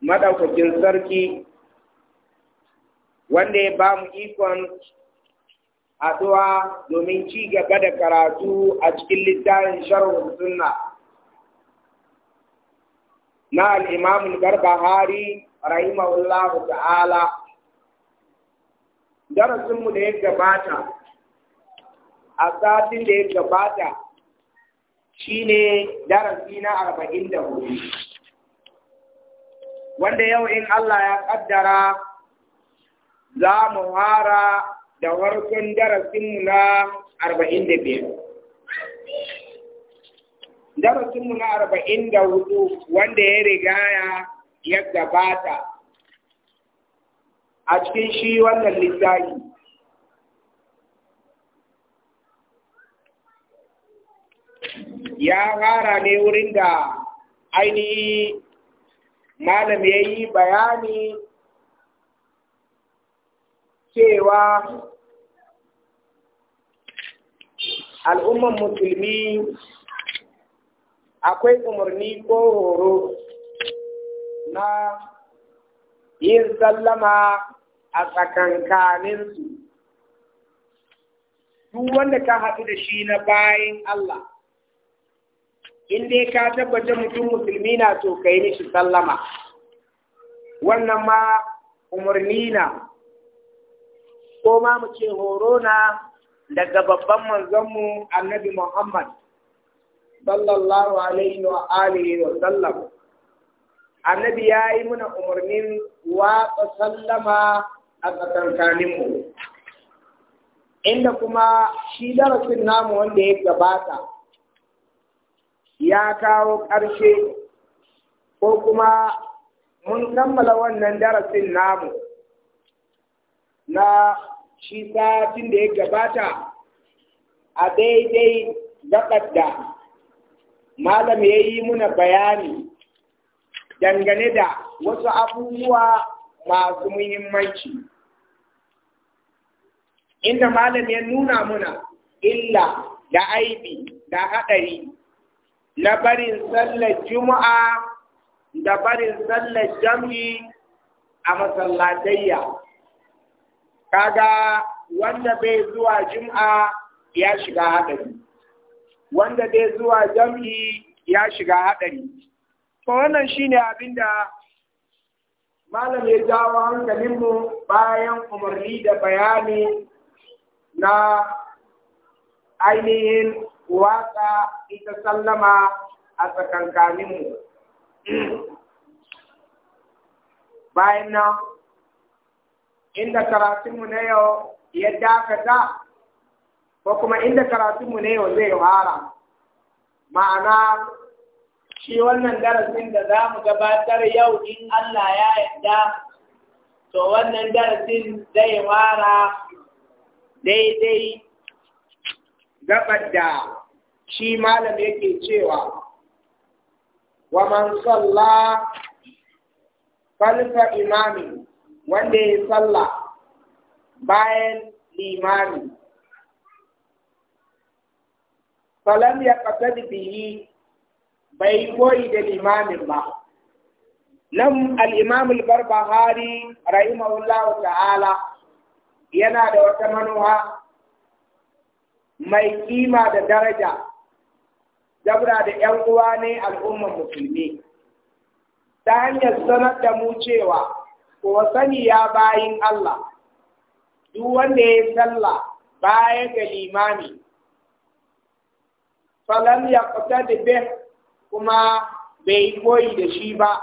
madaukakin sarki wanda ya ba mu ikon haɗuwa domin ci gaba da karatu a cikin littafin sharhun sunna na al'imamun barbahari rahimahullahu ta'ala darasinmu da ya gabata a satin da ya gabata shine darasi na arba'in da hudu wanda yau in Allah ya kaddara za mu fara da warkon darasinmu na arba'in da biyar. Darasinmu na arba'in da hudu wanda ya rigaya ya gabata a cikin shi wannan littafi. Ya fara ne wurin da ainihi malam ya yi bayani cewa al'umman musulmi akwai umarni ko horo na yin sallama a tsakankaninsu duk wanda ka haɗu da shi na bayan Allah in dai ka tabbata mutum musulmi na to ka yi mishi sallama wannan ma umarni na ko ma mu ce horo na daga babban manzanmu annabi Muhammad sallallahu alaihi wa alihi wa sallam annabi ya yi muna umarnin watsa sallama a tsakankaninmu inda kuma shi darasin namu wanda ya gabata ya kawo ƙarshe ko kuma mun kammala wannan darasin namu na shi satin da ya gabata a daidai gaɓar da malam ya yi muna bayani dangane da wasu abubuwa masu muhimmanci inda malam ya nuna muna illa da aibi da haɗari na barin sallar juma'a da barin sallar jam'i a masallatayya kaga wanda bai zuwa juma'a ya shiga haɗari wanda bai zuwa jam'i ya shiga haɗari to wannan shine abin da malam ya jawo hankalinmu bayan umarni da bayani na ainihin waka ita sallama a tsakankaninmu. Bayan nan, inda karatunmu na yau ya dakata, ko kuma inda karatunmu na yau zai wara, ma'ana shi wannan darasin da za mu gabatar yau in Allah ya yarda, to wannan darasin zai wara daidai gabar da shi malam yake cewa wa man salla falfa imami wanda ya salla bayan limami falam ya qatad bihi bai koyi da limamin ba nan al-imam al-barbahari rahimahullahu ta'ala yana da wata manuwa mai kima da daraja dabra da ‘yan uwa ne al'ummar musulmi, ta hanyar sanar da mu cewa, ko sani ya bayin Allah, duk wanda ya sallah baya ga limami, falan ya kuta da bin kuma bai koyi da shi ba,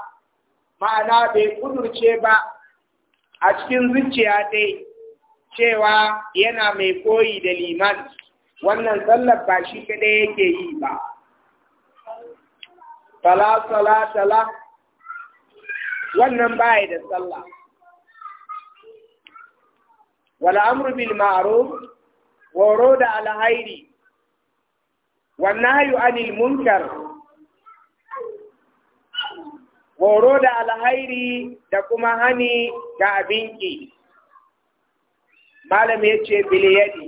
ma'ana bai kudurce ba a cikin zuciya dai cewa yana mai koyi da liman, wannan sallar ba shi kaɗai yake yi ba. fala salata wannan baya da sallah wal amru bil ma'ruf wa da al khairi wan nahyu anil munkar horo da alhairi da kuma hani ga abinki malam ya ce biliyadi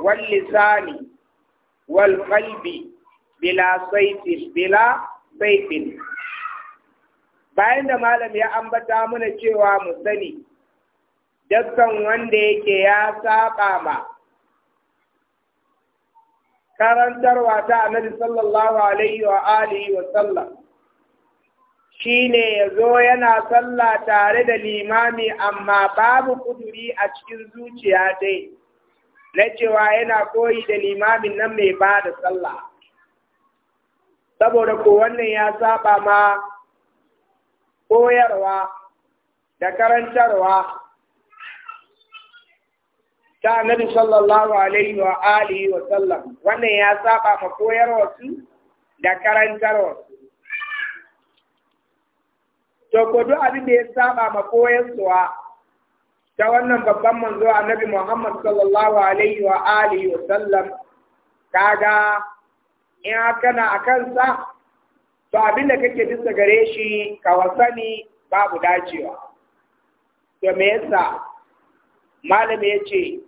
wal lisani wal qalbi bila saifin bayan da malam ya ambata mana cewa mu sani dukkan wanda yake ya saba ma karantarwa ta annabi sallallahu alaihi wa alihi wa sallam shine yazo yana sallah tare da limami amma babu kuduri a cikin zuciya dai na cewa yana koyi da limamin nan mai ba da sallah saboda ko wannan ya saba ma koyarwa da karantarwa ta annabi sallallahu alaihi wa alihi wa sallam wannan ya saba ma koyarwa su da karantarwa to ko duk abin da ya saba ma koyarwa ta wannan babban manzo annabi Muhammad sallallahu alaihi wa alihi wa sallam kaga in haka na a kansa to abin da kake bisa gare shi kawasani babu dacewa to me yasa malami ya ce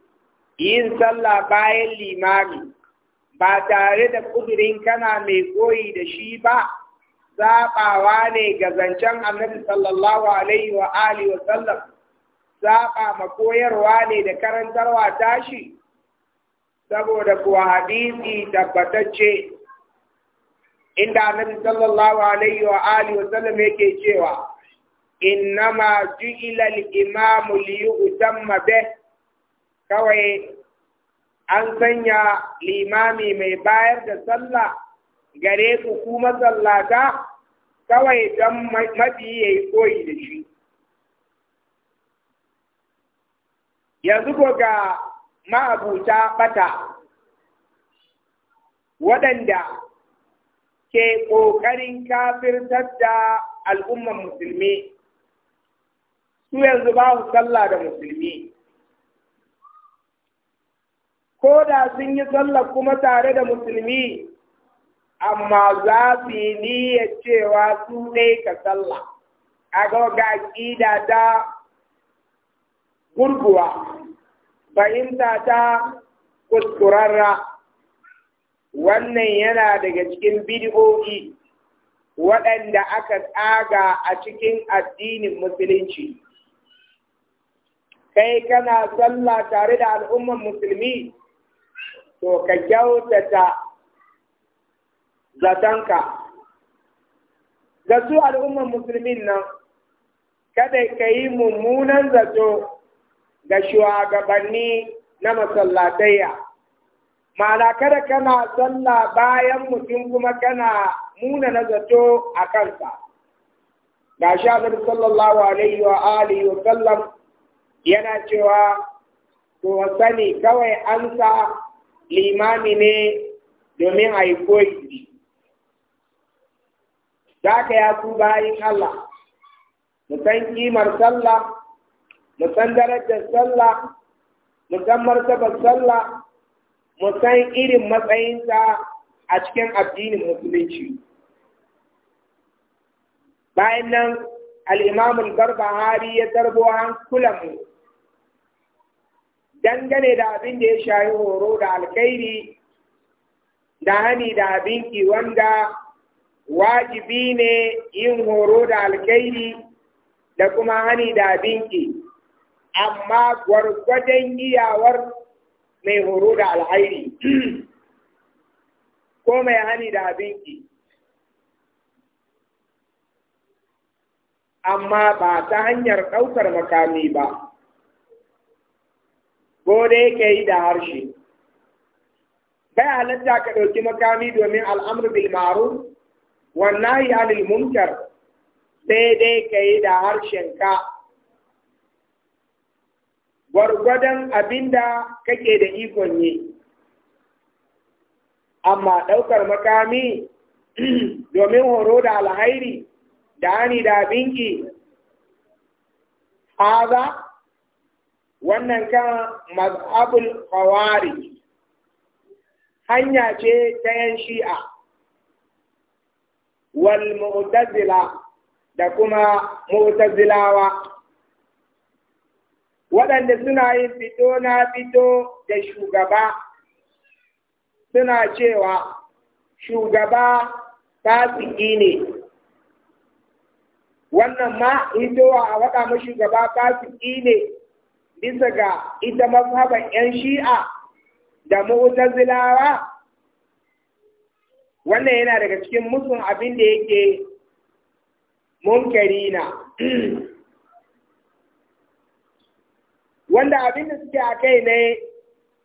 yin sallah bayan limami ba tare da kudurin kana mai koyi da shi ba saɓawa ne ga zancen annabi sallallahu alaihi wa alihi wa sallam saɓa ma koyarwa ne da karantarwa tashi saboda kuwa hadisi tabbatacce inda annabi sallallahu alaihi wa alihi wa sallam yake cewa innama ju'ila al-imamu li yu'tamma bih kawai an sanya limami mai bayar da sallah gare ku kuma sallata kawai don mafi yayi yi koyi da shi yanzu ko ga ma'abuta bata waɗanda ke ƙoƙarin kafirtar da al'umman musulmi, su yanzu ba babu sallah da musulmi. Ko da sun yi sallah kuma tare da musulmi, amma za su yi niyyar cewa su ne ka sallah, a ga ƙida ta gurguwa, fahimta ta kuskurarra. wannan yana daga cikin bid'o'i waɗanda aka tsaga a cikin addinin musulunci kai kana sallah tare da al'umman musulmi to ka kyautata zatonka ga su al'umman musulmin nan kada ka yi mummunan zato ga shugabanni na masallatayya ma'ana kada kana sallah bayan mutum kuma kana muna nazato a kansa ga shi annabi sallallahu alaihi wa alihi wa sallam yana cewa to sani kawai an sa limami ne domin a yi koyi za ka ya ku bayin Allah mu san kimar sallah mu san darajar sallah mu san martabar sallah mu san irin matsayinsa a cikin addinin musulunci bayan nan al barbahari ya tarbo mu. dangane da abin da ya shayi horo da alkairi, da hani da abinki wanda wajibi ne yin horo da alkairi da kuma hani da abinki amma gwargwajen iyawar mai horo da alhairi ko mai hani da abinki amma ba ta hanyar ɗaukar makami ba ko da yake yi da harshe bai halatta ka ɗauki makami domin al'amru bilmaru? Wannan yi anil munkar sai dai ka yi da harshenka gwargwadon abin abinda kake da ikon yi amma ɗaukar makami domin horo da alhairi da hani da binki haza wannan kan mazhabul khawari hanya ce ta yan shi'a wal da kuma mu'tazilawa waɗanda suna yin fito na fito da shugaba suna cewa shugaba fasiki ne wannan ma hitowa a waɗa ma shugaba fasiki ne bisa ga ita mazhaban 'yan shi'a da mu'tazilawa wannan yana daga cikin musun abin da yake munkari na wanda abin da suke a kai ne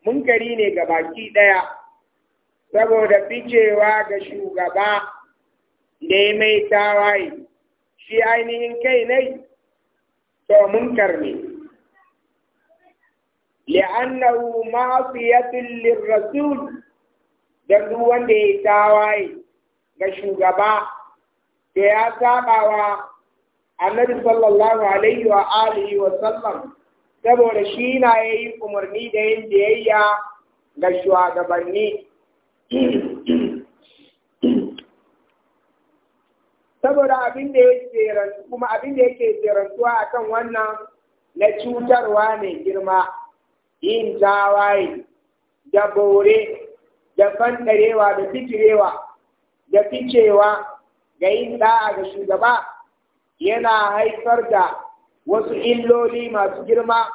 munkari ne ga baki ɗaya saboda ficewa ga shugaba da ya mai tawaye shi ainihin kai ne to munkar ne li'annahu ma'asiyatul lirrasul dan duk wanda ya tawaye ga shugaba da ya saba wa annabi sallallahu alaihi wa alihi wa sallam saboda shi na ya yi umarni da yin biyayya ga shugabanni saboda abin da yake kuma abin da akan wannan na cutarwa mai girma yin tawaye da bore da fantarewa, da fitirewa da ficewa ga yin da'a ga shugaba yana haifar da wasu illoli masu girma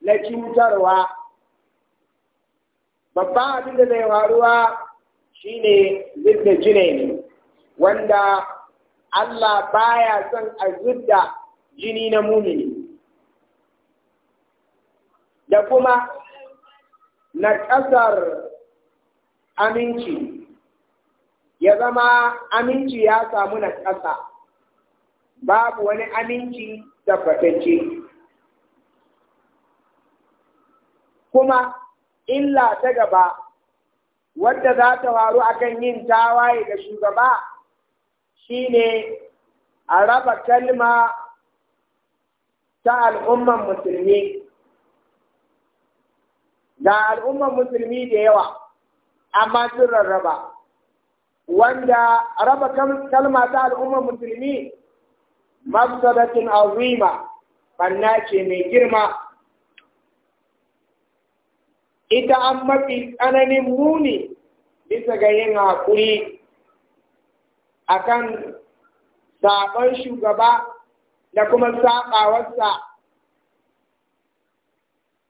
na cutarwa babban abin da zai faruwa shine zidda jine wanda Allah baya son a zidda jini na mumini da kuma na ƙasar aminci ya zama aminci ya samu na ƙasa babu wani aminci tabbatacce kuma illa ta gaba wadda za ta faru akan yin tawaye da shugaba shine a raba kalma ta al'umman musulmi ga al'umman musulmi da yawa amma sun rarraba wanda raba kalma ta al'umman musulmi maktabatin azima barna ce mai girma ita an mafi tsananin muni bisa ga yin haƙuri akan ban shugaba da kuma saɓawarsa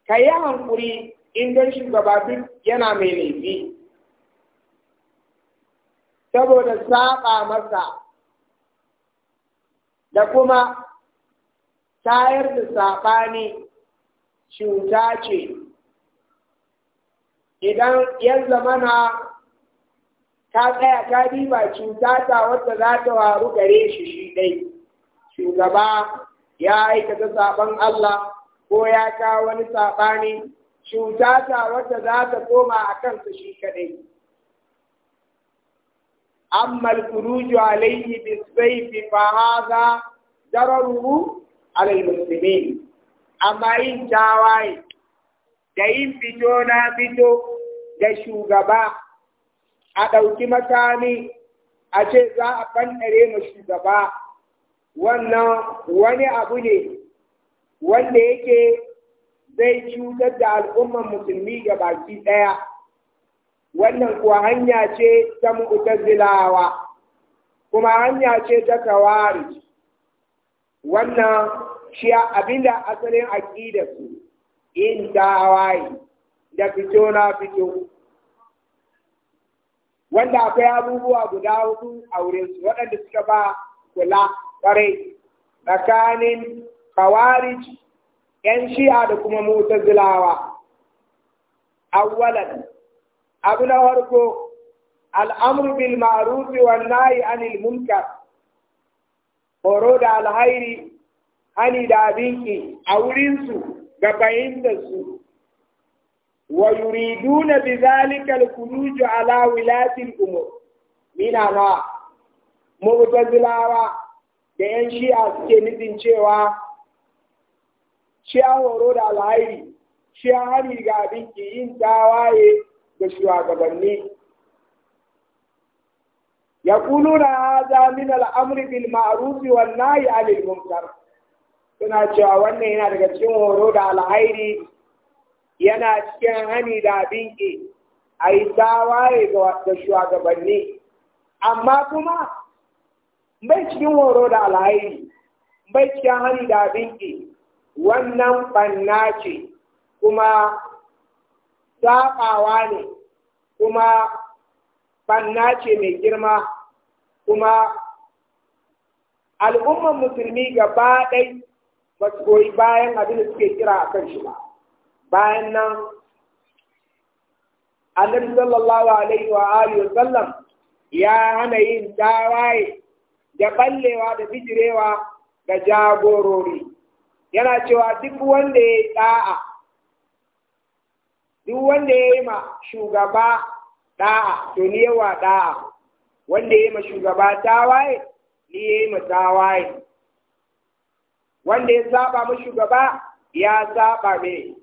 ka yi haƙuri inda shugaba duk yana mai laifi saboda saɓa masa da kuma tayar da saɓani cuta ce idan yan zamana ta tsaya ta diba cuta ta wata za ta waru gare shi shi dai shugaba ya aikata saɓan Allah ko ya kawo wani saɓani cuta ta wata za ta koma a kansa shi kaɗai. أما الخروج عليه بالسيف فهذا ضرره على المسلمين أما إن تاواي دين بتونا بتو دشوغبا أدوكي أدو أشي za a fannare ma shugaba wannan wani وانا ne wanda yake zai cutar da al'ummar musulmi ga baki ɗaya wannan kuwa hanya ce ta mu'tazilawa kuma hanya ce ta kawari wannan shi abinda asalin aqidar su in tawaye da fito na fito wanda akwai abubuwa guda hudu a wurin su waɗanda suka ba kula kwarai tsakanin kawarij yan shi'a da kuma Zilawa, awwalan abu na farko al'amru bil ma'arufi wa nahi anil munkar horo da alhairi hani da abinki a wurinsu ga fahimtarsu wa yuriduna bi zalika al-khuruj ala wilati kuma? mina ma mu'tazilawa da yan shi'a suke nufin cewa shi'a horo da alhairi shi'a hari ga abinki yin tawaye da shugabanni yaquluna hadha min al-amri bil ma'arufi wannan nahyi 'anil munkar suna cewa wannan yana daga cikin horo da alhairi yana cikin hani da abin a yi tawaye ga shugabanni amma kuma bai cikin horo da alhairi bai cikin hani da abin wannan banna ce kuma saɓawa ne kuma banna ce mai girma kuma al'umman musulmi gaba ɗai ba su goyi bayan abin da suke kira a kan shi ba bayan nan annabi sallallahu alaihi wa alihi wa sallam ya hana yin tawaye da ballewa da bijirewa ga jagorori yana cewa duk wanda ya yi ɗa'a duk wanda ya yi ma shugaba ɗa'a to ni yawa ɗa'a wanda ya yi ma shugaba tawaye ni ya yi ma tawaye wanda ya saba ma shugaba ya saba me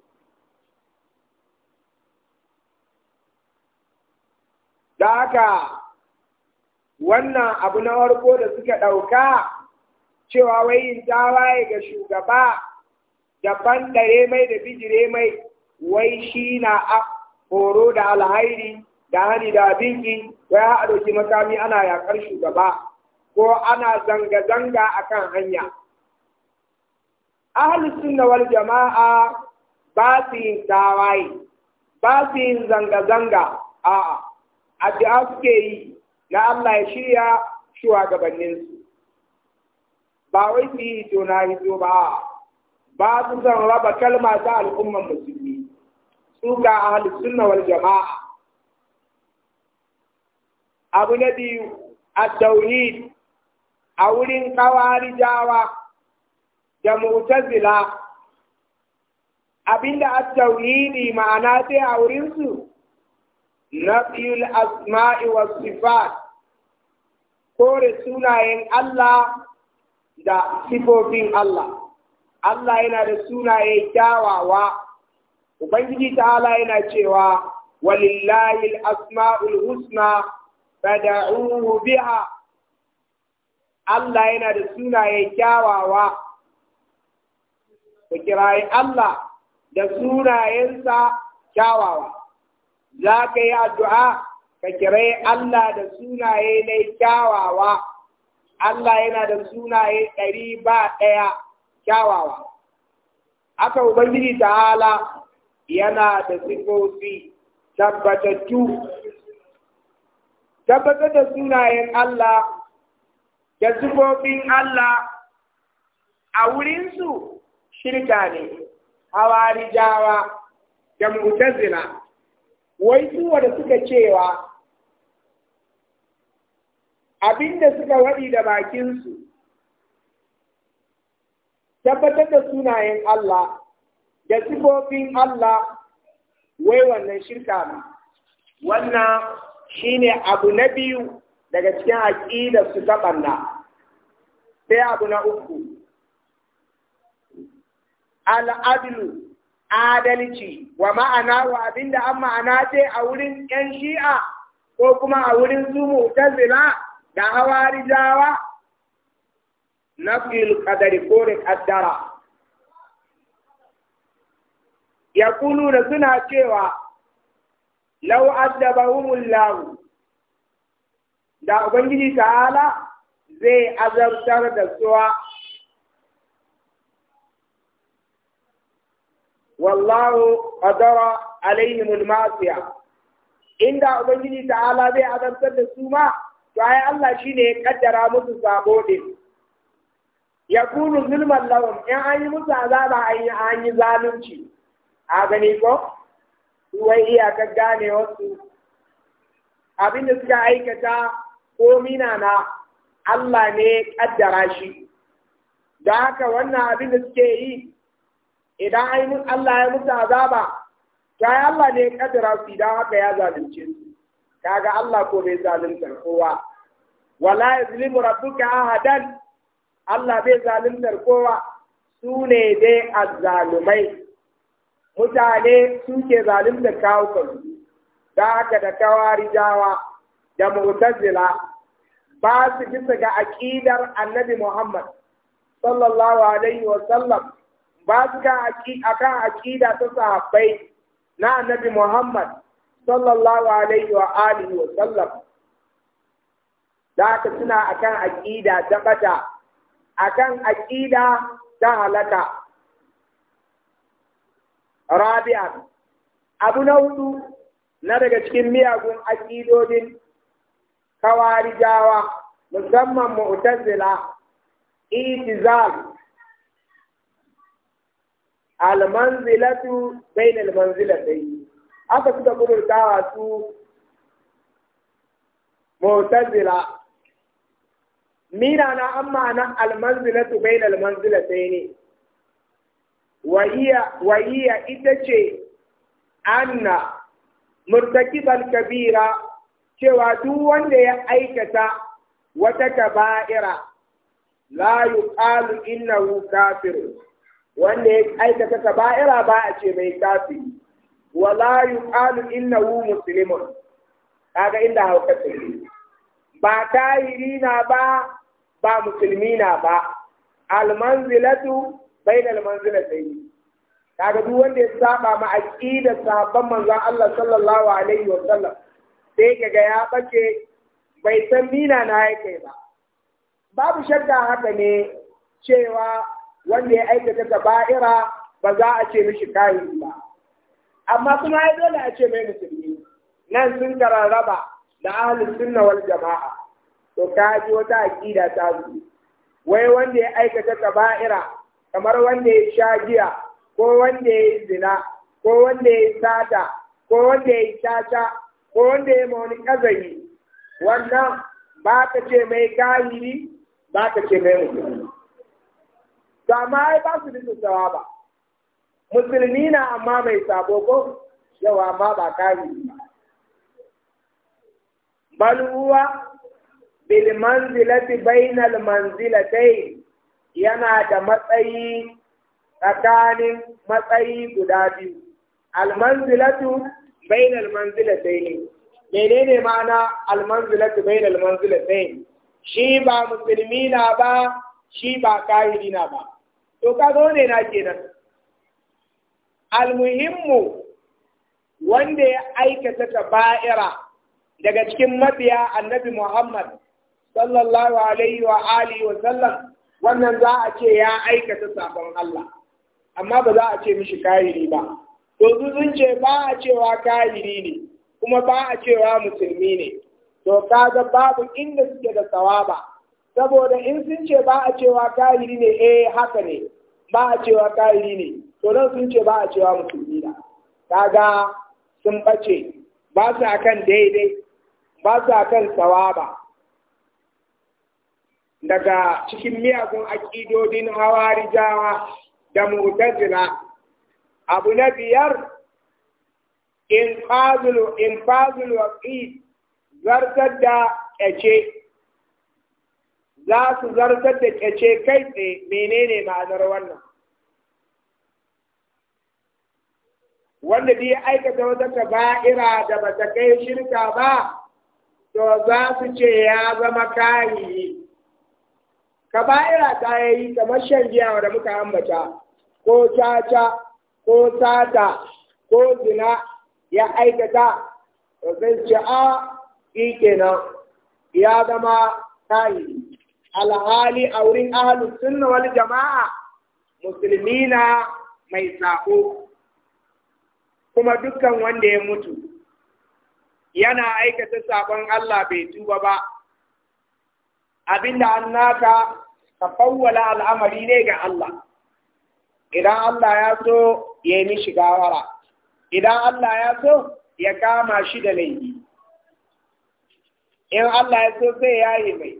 da haka wannan abu na farko da suka ɗauka cewa wai yin tawaye ga shugaba daban ɗare mai da bijire mai wai shi na a horo da alhairi da hari da abinki wai haɗo ɗauki makami ana yaƙar shugaba ko ana zanga-zanga a kan hanya ahlus sunna wal jama'a ba su yin tawaye ba su yin zanga-zanga a'a addu'a suke yi na Allah ya shirya shugabanninsu ba wai su yi to na hito ba ba su zan raba kalma ta al'umman musulmi suka ahli sunna wal jama'a abu na biyu at-tauhid a wurin jawa da mu'tazila abinda at-tauhidi ma'ana sai a wurin su nafiyul asma'i was sifat kore sunayen Allah da sifofin Allah Allah yana da sunaye kyawawa ubangiji ta'ala yana cewa walillahi al-asma'ul husna fad'uhu biha Allah yana da sunaye kyawawa ku kirayi Allah da sunayensa kyawawa za ka yi addu'a ka kirayi Allah da sunaye na kyawawa Allah yana da sunaye ɗari ba ɗaya kyawawa aka ubangiji ta'ala yana da sifofi tabbatattu tabbatar da sunayen Allah da sifofin Allah a wurinsu shirka ne Hawari jawa da mutazina wai su wanda suka cewa abinda suka waɗi da bakinsu tabbatar da sunayen Allah da sifofin Allah wai wannan shirka ne wannan shine abu na biyu daga cikin aƙidar su ta sai abu na uku al'adlu adalci wa ma'ana wa abinda an ma'ana ce a wurin ‘yan shi'a ko kuma a wurin ta zila da hawarijawa na fil ƙadari ko da ƙaddara. ya kuluna suna cewa lau addabahumullahu da ubangiji ta'ala zai azabtar da suwa wallahu qadara alaihim almasiya inda ubangiji ta'ala zai azabtar da su ma to ai Allah shine ya kaddara musu sabo din ya kunu zulman in an yi musu azaba an yi zalunci a gani ko wai iyakar gane wasu abinda suka aikata ko mina na Allah ne kaddara shi da haka wannan abin da suke yi idan ainihin Allah ya musu azaba ta yi Allah ne kaddara su idan haka ya zalunce su kaga Allah ko bai zalunta kowa wala ka rabbuka ahadan Allah bai zaluntar kowa su ne dai azzalumai mutane suke zalunta zalim da haka da kawarijawa da mu'tazila ba su bisa ga aƙidar annabi Muhammad sallallahu alaihi wa sallam ba su ga akan aƙida ta sahabbai na annabi Muhammad sallallahu alaihi wa alihi wa sallam da haka suna akan aƙida ta bata akan aƙida ta halaka rabi'an abu na hudu na daga cikin miyagun aƙidodin kawarijawa musamman mu'tazila itizal almanzilatu bainal manzilatai aka suka furtawa su mu'tazila mina na amma na almanzilatu bainal manzilatai ne wahiya ita ce anna murtakibal kabira cewa duk wanda ya aikata wata kaba'ira la yuqalu innahu kafir wanda ya aikata kaba'ira ba a ce mai kafir wa la yuqalu innahu muslimun kaga inda haukata ba tahiri na ba ba musulmi na ba almanzilatu bainal manzilatayn kaga duk wanda ya saba ma aqidar sahabban manzon Allah sallallahu alaihi wa sallam sai kaga ya bace bai san mina na yake ba babu shakka haka ne cewa wanda ya aikata kaba'ira ba za a ce mishi kai ba amma kuma ai dole a ce mai musulmi nan sun kararraba da ahli sunna wal jama'a to kaji wata aqida ta zuwa wai wanda ya aikata kaba'ira kamar wanda ya sha giya ko wanda ya yi zina ko wanda ya yi sata ko wanda ya yi caca ko wanda ya yi wani kazari wannan ba ka ce mai kahiri ba ka ce mai musulmi to amma ai ba su bisa sawa ba musulmi na amma mai sabo ko yawa amma ba kahiri ba bal huwa bil manzilati bainal manzilatayn yana da matsayi tsakanin matsayi guda biyu almanzilatu bainal manzilatayn menene ma'ana almanzilatu bainal manzilatayn shi ba musulmi na ba shi ba kahiri na ba to ka zo ne na kenan almuhimmu wanda ya aikata ta ba'ira daga cikin mabiya annabi Muhammad sallallahu alaihi wa alihi wa sallam wannan za a ce ya aikata sabon Allah amma ba za a ce mishi kayiri ba to sun ce ba a cewa kayiri ne kuma ba a cewa musulmi ne to kaga babu inda suke da tsawaba saboda in sun ce ba a cewa kayiri ne eh haka ne ba a cewa kayiri ne to nan sun ce ba a cewa musulmi na kaga sun bace ba su akan daidai ba su akan tsawaba daga cikin miyagun aƙidodin hawari jawa da mu'tazila abu na biyar infazul infazul waqi zartar da ƙyace, za su zartar da ƙyace kai tsaye menene ma'anar wannan wanda biya aikata wata kaba'ira da bata kai shirka ba to za su ce ya zama kayi kaba'ira ta yayi kamar shan giya da muka ambata ko caca ko sata ko zina ya aikata sai ce a shi kenan ya zama tayi alhali a wurin ahalus sunna wani jama'a musulmi na mai sako kuma dukkan wanda ya mutu yana aikata sabon Allah bai tuba ba abinda an naka ka fawwala al'amari ne ga Allah idan Allah ya so ya yi mishi gawara idan Allah ya so ya kama shi da laifi in Allah ya so sai ya yi mai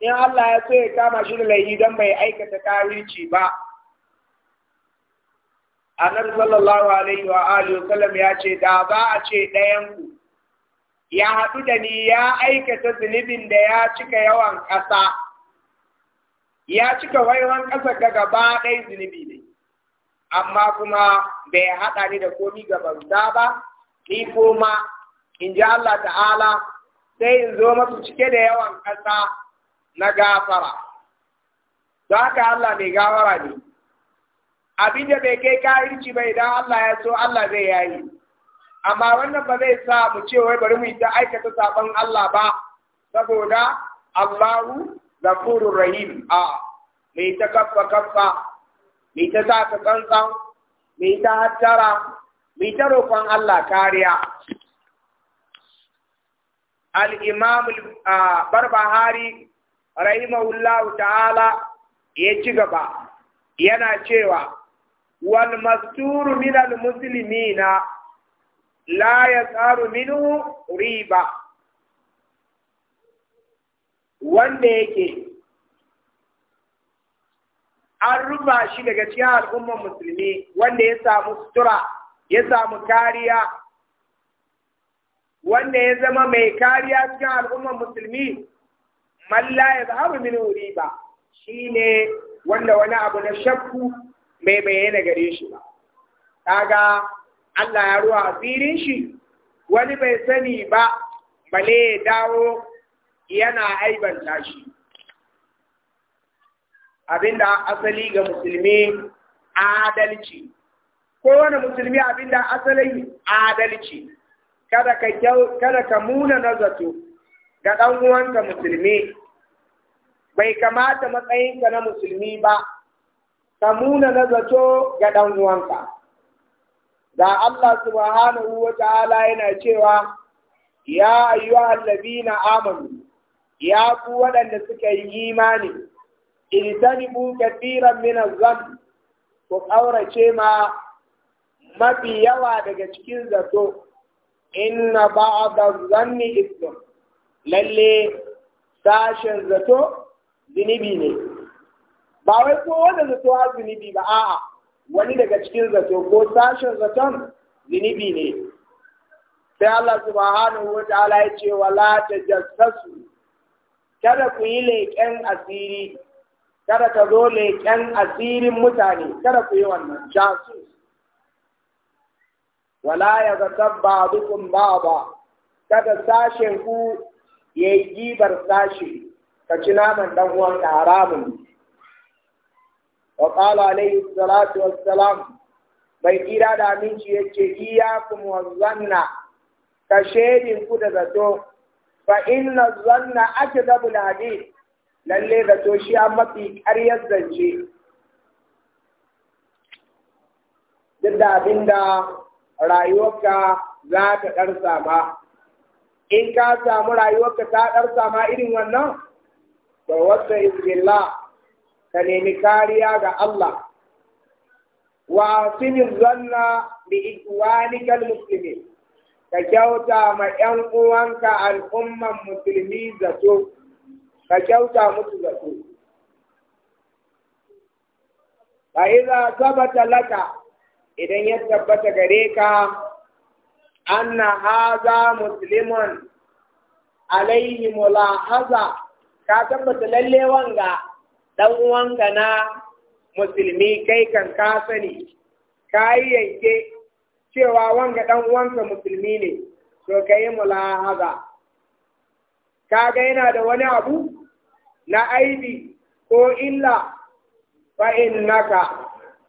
in Allah ya so ya kama shi da laifi don bai aikata kawirci ba annabi sallallahu alaihi wa alihi wasallam ya ce da za a ce ɗayan ku ya haɗu da ni ya aikata zunubin da ya cika yawan ƙasa, ya cika waiwan ƙasa ga gaba ɗai zunubi ne, amma kuma bai haɗa ni da komi ga bauta ba, ni koma in ji Allah ta'ala sai in zo masu cike da yawan ƙasa na gafara. Za ka Allah mai gawara ne, abin da bai kai kahirci ba idan Allah ya so Allah zai yayi. amma wannan ba zai sa mu ce wai bari mu yi ta aikata sabon Allah ba saboda Allahu ghafurur rahim a mai ta kaffa kaffa mai ta sa ta tsantsan mai ta hattara mai ta roƙon Allah kariya al-imam barbahari rahimahullahu ta'ala ya ci gaba yana cewa wal masturu minal muslimina la yasaru minhu riba wanda yake an ruba shi daga cikin al'ummar musulmi wanda ya samu sutura ya samu kariya wanda ya zama mai kariya cikin al'ummar musulmi malla ya zahabu min riba shi ne wanda wani abu na shakku mai bayyana gare shi ba kaga Allah ya ruwa asirin shi wani bai sani ba bale ya dawo yana aibanta shi abinda asali ga musulmi adalci kowane musulmi abinda asali adalci kada ka kada ka muna nazato ga dan uwanka musulmi bai kamata matsayinka na musulmi ba ka muna nazato ga dan uwanka da Allah subhanahu wa ta'ala yana cewa ya allabi na amanu ya ku waɗanda suka yi imani sani kathiran min az zan ku ƙaurace ma mafi yawa daga cikin zato inna zan zanni islam lalle sashen zato zunubi ne ba wai ko wanda zato zunubi ba a'a wani daga cikin zato ko sashen zaton zinibi ne sai Allah subhanahu wa ta'ala ya ce wala tajassasu kada ku yi leƙen asiri kada ka zo leƙen asirin mutane kada ku yi wannan jasus wala ya zata ba'dukum ba'da kada sashen ku yayi gibar sashi ka ci naman dan uwan haramun wa qala alayhi salatu wassalam bai kira da aminci yake iyyakum wazanna ka shedin ku da zato fa inna zanna akdabu alhadith lalle zato shi a mafi ƙaryar zance duk da abin da rayuwarka za ta ɗarsa ma in ka samu rayuwarka ta ɗarsa ma irin wannan to wasa izbillah ka nemi kariya ga Allah wa asini zanna bi ikwanikal muslimin ka kyauta ma ‘yan uwanka al'umman musulmi zato, ka kyauta musu zato. Ka iza sabata laka idan ya tabbata gare ka, anna haza musulman alaihi mulahaza, ka tabbata lalle wanga ɗan uwanka na musulmi kai kan ka sani ka yi yanke cewa wanga ɗan uwanka musulmi ne to ka yi mulahaza ka ga yana da wani abu na aibi ko illa fa innaka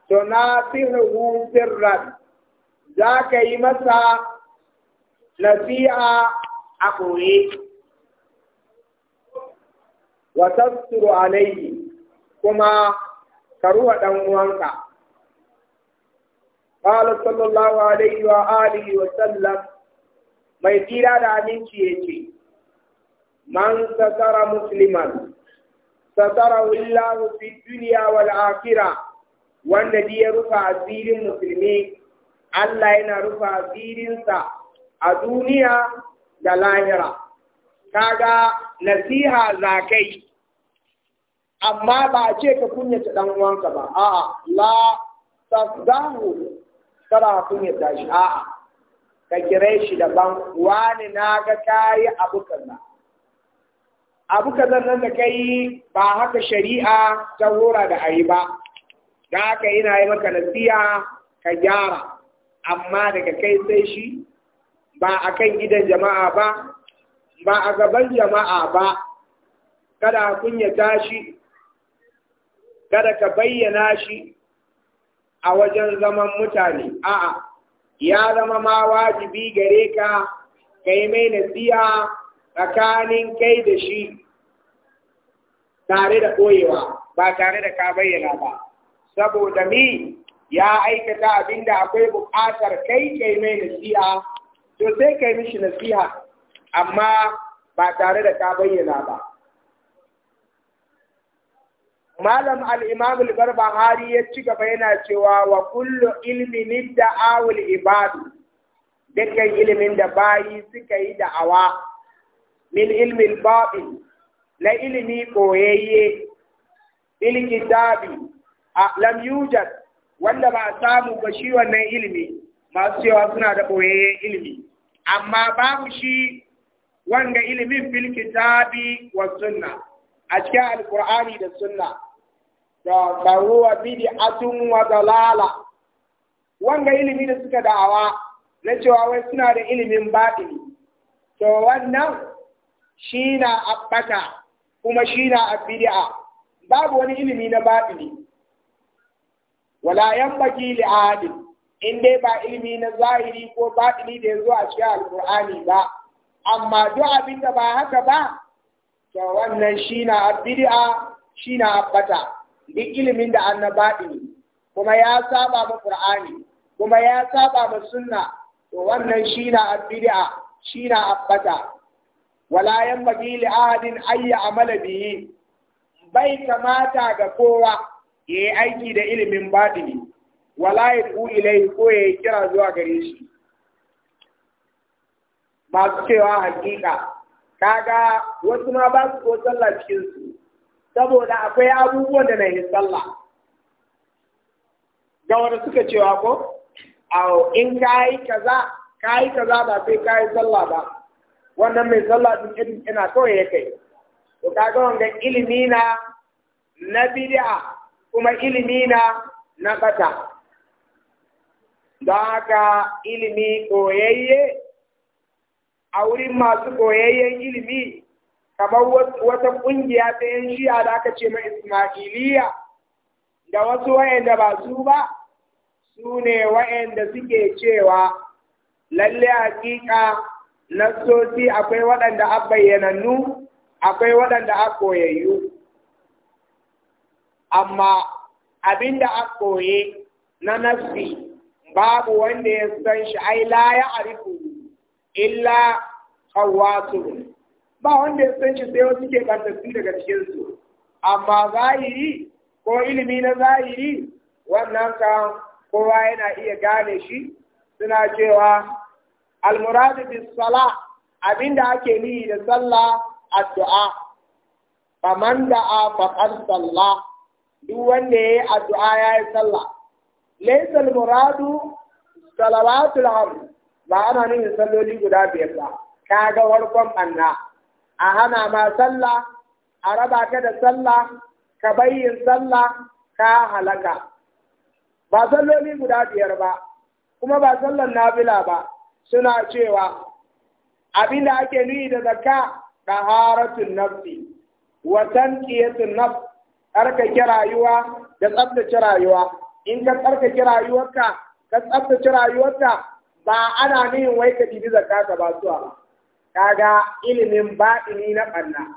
to na fihu sirran za ka yi masa nasiha a koye wa tasturu kuma ka ruwa ɗan uwanka. Kalu sallallahu alaihi wa alihi wa sallam mai tira da aminci ya ce, Man sassara Musulman, sasara wallahu duniya wa akira wanda bi ya rufa asirin musulmi, Allah yana rufa asirinsa a duniya da lahira. Kaga nasiha zakai. kai. amma ba a ce ka kunyata dan uwanka ba a'a la zahu kada ka kunyata shi a'a ka kire shi daban wani na ga kayi abu kaza abu kaza nan da kai ba haka shari'a ta hora da ayi ba da kai ina yi maka nasiya ka gyara amma daga kai sai shi ba a kan gidan jama'a ba ba a gaban jama'a ba kada kunyata shi kada ka bayyana shi a wajen zaman mutane a'a ya zama ma wajibi gare ka kai mai nasiha tsakanin kai da shi tare da koyewa ba tare da ka bayyana ba saboda mi ya aikata abin da akwai buƙatar kai kai mai nasiha to sai kai mishi nasiha amma ba tare da ka bayyana ba malam al-imam al ya ci gaba yana cewa wa kullu ilmin da'aw al-ibadu dukkan ilimin da bayi suka yi da'awa min ilmin babi na ilimi koyayye bil kitabi lam yujad wanda ba samu ba shi wannan ilimi masu cewa suna da koyayyen ilimi amma babu shi wanga ilimin bil kitabi wa sunna a cikin alqur'ani da sunna ruwa bidi atun wa dalala wanga ilimi da suka da'awa na cewa wai suna da ilimin batini to wannan shi na abbata kuma shi na abbidi'a babu wani ilimi na batini wala baki li in dai ba ilimi na zahiri ko batini da ya zo a cikin alqur'ani ba amma duk abin ba haka ba to wannan shi na abbidi'a shi na abbata duk ilimin da an na kuma ya saba ma Qur'ani kuma ya saba ma sunna to wannan shi na bid'a shi na abbata wala yanbaghi li ahadin ayya ya'mala bihi bai kamata ga kowa ya yi aiki da ilimin baɗini wala ya ku ilai ko yayi kira zuwa gare shi masu cewa hakika kaga wasu ma ba su ko sallah cikin su saboda akwai abubuwan da na yi sallah ga wanda suka cewa ko awo in kayi kaza kayi kaza ba sai kayi sallah ba wannan mai sallah din irin ina kawai ya kai to kaga wanga ilimi na na bid'a kuma ilimi na na bata don haka ilimi koyayye a wurin masu koyayyen ilimi kamar wata ƙungiya ta yan shiya da aka ce ma Ismailiyya da wasu wayanda ba su ba su ne wa'anda suke cewa lalle hakika nassosi akwai waɗanda a bayyanannu akwai waɗanda a koyayyu amma abinda a koye na nafsi babu wanda ya san shi ai la ya arifu illa su. ba wanda ya san shi sai wasu ke kasassu daga cikinsu amma zahiri ko ilimi na zahiri wannan ka kowa yana iya gane shi suna cewa almuradu bis sala abinda ake nihi da sallah addu'a faman da'a faqad sallah duk wanda yayi addu'a yayi sallah laysa almuradu salawatul amr ba ana nufin salloli guda biyar ba ga warkon anna a hana ma sallah a raba ka da sallah ka bayyin sallah ka halaka ba salloli guda biyar ba kuma ba sallan nafila ba suna cewa abin da ake nuni da zakka taharatun nafsi wa tanqiyatun nafs tsarkake rayuwa da tsabtace rayuwa in ka tsarkake rayuwarka ka tsabtace rayuwarka ba ana nuni wai ka dibi zakka ka ba su ba kaga ilimin ba'ini na ɓanna.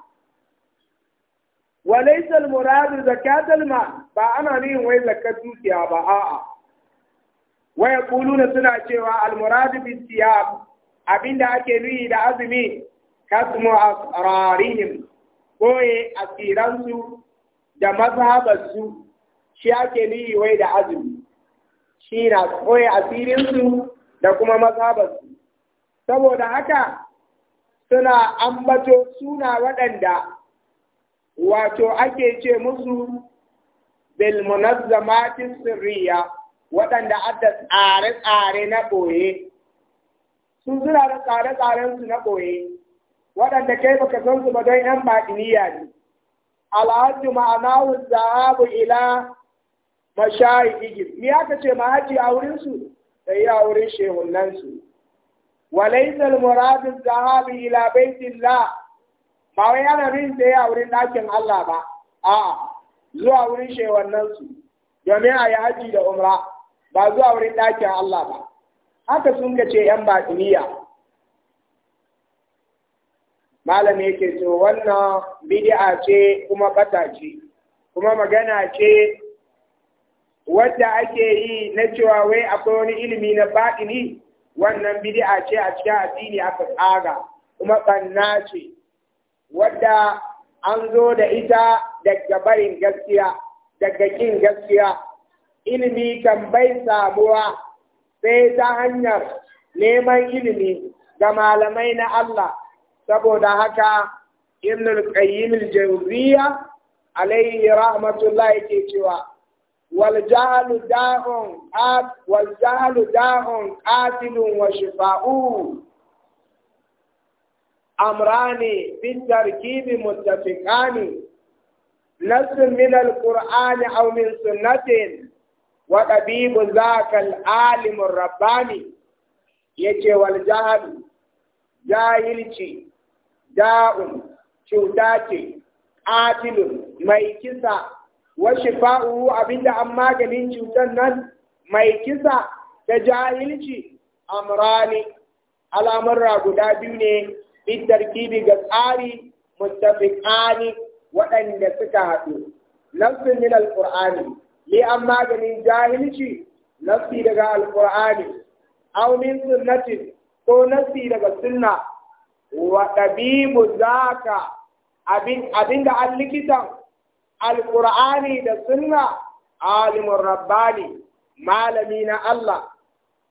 Walaisal muradu zakatul ma ba ana nihin wai zakar dukiya ba a Waya kuluna suna cewa almuradu bi siyam abinda ake nuyi da azumi kasmu asrarihim koye asiransu da mazhabarsu shi ake nuyi wai da azumi. Shi na koye asirinsu da kuma mazhabarsu. Saboda haka suna ambato suna waɗanda wato ake ce musu bil munazzamati sirriya waɗanda adda tsare-tsare na ɓoye sun suna da tsare-tsarensu na ɓoye waɗanda kai baka san su ba don ‘yan baɗiniya ne alhaji ma'anahu zahabu ila mashayi igil me aka ce ma haji a wurinsu da yi a wurin shehunansu وليس المراد الذهاب إلى بيت الله ba wai ana rin da ya wurin ɗakin Allah ba a zuwa wurin su domin a yi da umra ba zuwa wurin ɗakin Allah ba haka sun ga ce ‘yan batiniya malam yake to wannan bid'a ce kuma bata ce kuma magana ce wanda ake yi na cewa wai akwai wani ilimi na baɗini wannan bid'a ce a cikin addini aka tsaga kuma banna ce wadda an zo da ita daga barin gaskiya daga kin gaskiya ilimi kan bai samuwa sai ta hanyar neman ilimi ga malamai na Allah saboda haka ibn al-qayyim al-jawziya alayhi rahmatullahi yake cewa والجهل داء آت والجهل داء قاتل وشفاء أمران بالتركيب متفقان نص من القرآن أو من سنة وطبيب ذاك العالم الرباني يجي والجهل جاهلتي داء شوداتي قاتل ميكسا wa shifa'u abinda an maganin cutar nan mai kisa da jahilci amrani al'amurra guda biyu ne bitarkibi ga tsari muttafiqani waɗanda suka haɗu nafsin min alqur'ani li an maganin jahilci nafsi daga alqur'ani aw min sunnatin ko nafsi daga sunna wa za ka abin abinda an likitan alƙur'ani da sunna alimin rabbani malami na Allah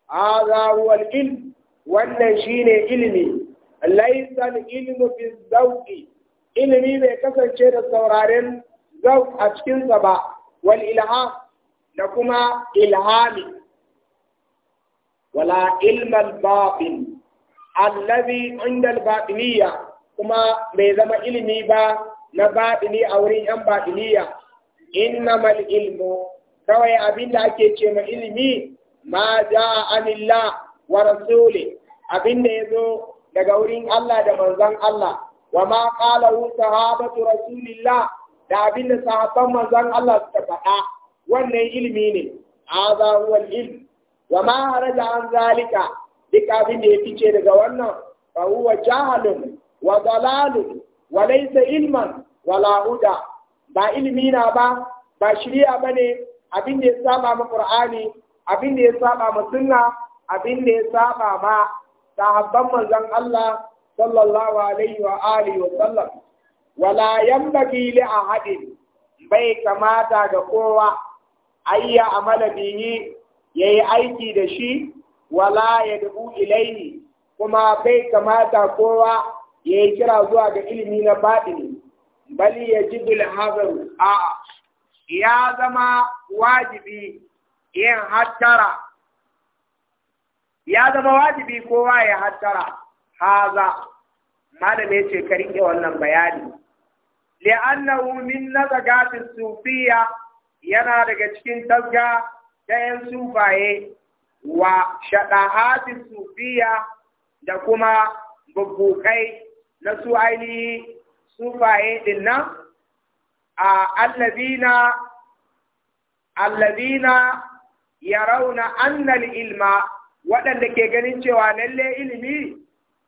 hadha huwa al-ilm wannan shine ilimi laysa al-ilmu ilimi bai kasance da sauraren zau a cikinsa ba wal ilham da kuma ilhami wala ilmal batin allazi inda al kuma bai zama ilimi ba na baɗini a wurin ‘yan baɗiniya, innamal ilmu, kawai abin da ake ce ma ilimi ma a wa rasuli, abin da ya zo daga wurin Allah da manzan Allah, wa ma ƙala sahabatu rasulillah da abin da sahabban manzan Allah suka faɗa, wannan ilimi ne, aza ilmi. ilm, wa ma haraja an zalika, duk abin da ya fice daga wannan, fa huwa jahalun wa zalalun walaysa ilman wala ba ilimi na ba ba shiriya bane abin da ya saba ma qur'ani abin da ya saba ma sunna abin da ya saba ma sahabban manzon Allah sallallahu alaihi wa alihi wa sallam wala yanbaghi li ahadin bai kamata ga kowa ayya amala bihi yayi aiki da shi wala yad'u ilayhi kuma bai kamata kowa ya yi kira zuwa ga ilimi na baɗini bali ya ji bilhazaru a'a ya zama wajibi yin hattara ya zama wajibi kowa ya hattara haza malam ya ce karike wannan bayani li'annahu min nazagatis sufiya yana daga cikin tasga ta yan sufaye wa shadahatis sufiya da kuma bubbukai na su ainihi sufaye din nan a allabina allabina rauna annal ilma waɗanda ke ganin cewa lalle ilimi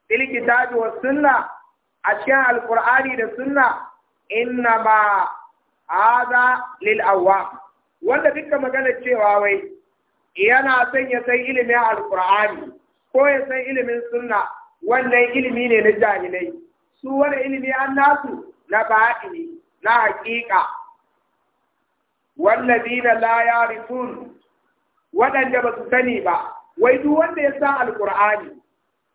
fil kitabi sunna a cikin Alƙur'ani da sunna inna ma hadha lil awwa wanda duka magana cewa wai yana son ya san ilimin Alƙur'ani. ko ya san ilimin sunna wannan ilimi ne na jahilai su wani ilimi an nasu na batini na hakika. haƙiƙa wallazina la yarifun waɗanda ba su sani ba wai duk wanda ya san alqur'ani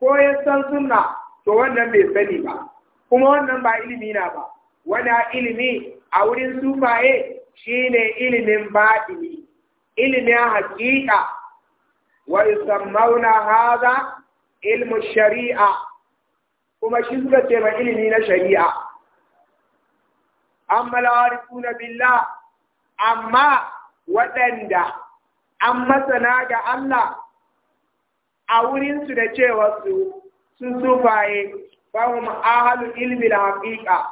ko ya san sunna to wannan bai sani ba kuma wannan ba ilimi na ba wani ilimi a wurin sufaye shine ilimin baini ilimin haƙiƙa wa yusammuna hadha ilmu shari'a kuma shi suka ce ma ilimi na shari'a amma la'arifuna billa amma waɗanda an masana ga Allah a wurinsu da cewa su sun sufaye fahim ahalul ilmi da haƙiƙa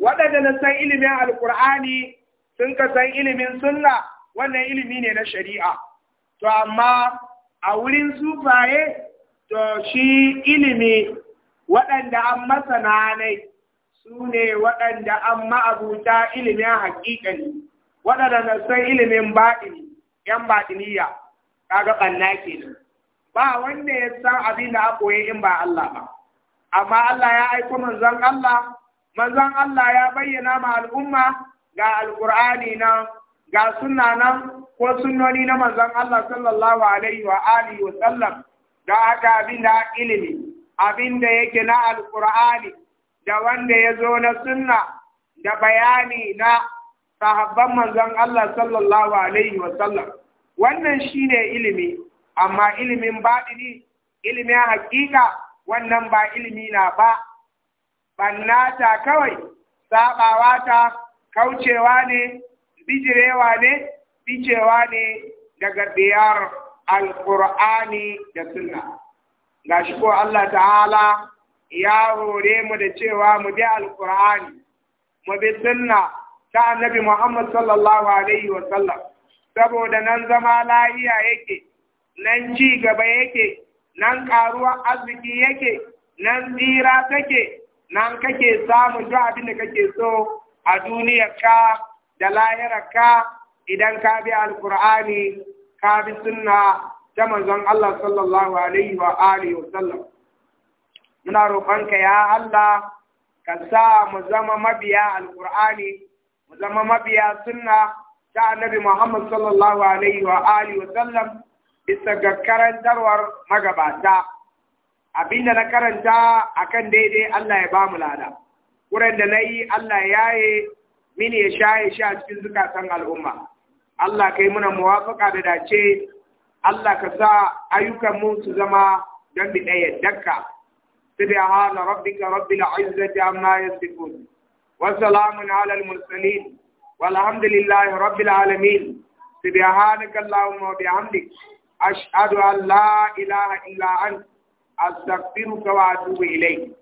waɗanda na san ilimin alƙur'ani sun ka san ilimin sunna wannan ilimi ne na shari'a to amma a wurin sufaye to shi ilimi waɗanda an masana ne su ne waɗanda an ma'abuta ilimin haƙiƙani waɗanda san ilimin baɗini yan baɗiniya kaga ɓanna nan. ba wanda ya san abin da aka in ba Allah ba amma Allah ya aiko manzon Allah manzon Allah ya bayyana ma al'umma ga Alƙur'ani na ga sunna nan ko sunnoni na manzon Allah sallallahu alaihi wa alihi wa sallam Da haka abin da ilimi abin da yake na alkur'ani da wanda ya zo na sunna da bayani na sahabban manzon Allah sallallahu alaihi wa sallam wannan shine ilimi amma ilimin baɗini ilimin hakika wannan ba ilimi na ba bannata kawai sabawa ta kaucewa ne bijirewa ne bicewa ne daga biyar. alƙur'ani da sunna gashi ko Allah ta'ala ya hore mu da cewa mu bi alƙur'ani mu bi sunna ta annabi Muhammad sallallahu alaihi wa sallam saboda nan zama lahiya yake nan ci gaba yake nan karuwa arziki yake nan tsira take nan kake samu duk abin da kake so a duniyarka da ka idan ka bi alkur'ani ka bi ta manzon Allah sallallahu alaihi wa alihi wa sallam muna roƙonka ya Allah ka sa mu zama mabiya alƙur'ani mu zama mabiya sunna ta annabi Muhammad sallallahu alaihi wa alihi wa sallam bisa ga karantarwar magabata abinda na karanta akan daidai Allah ya bamu lada wurin da nayi Allah ya yi mini ya sha ya sha cikin zukatan al'umma Allah kai muna muwafaka da dace Allah ka sa ayyukan mu su zama don bi ɗaya dakka سبحان ربك رب العزة عما يصفون وسلام على المرسلين والحمد لله رب العالمين سبحانك اللهم وبحمدك أشهد أن لا إله إلا أنت أستغفرك وأتوب إليك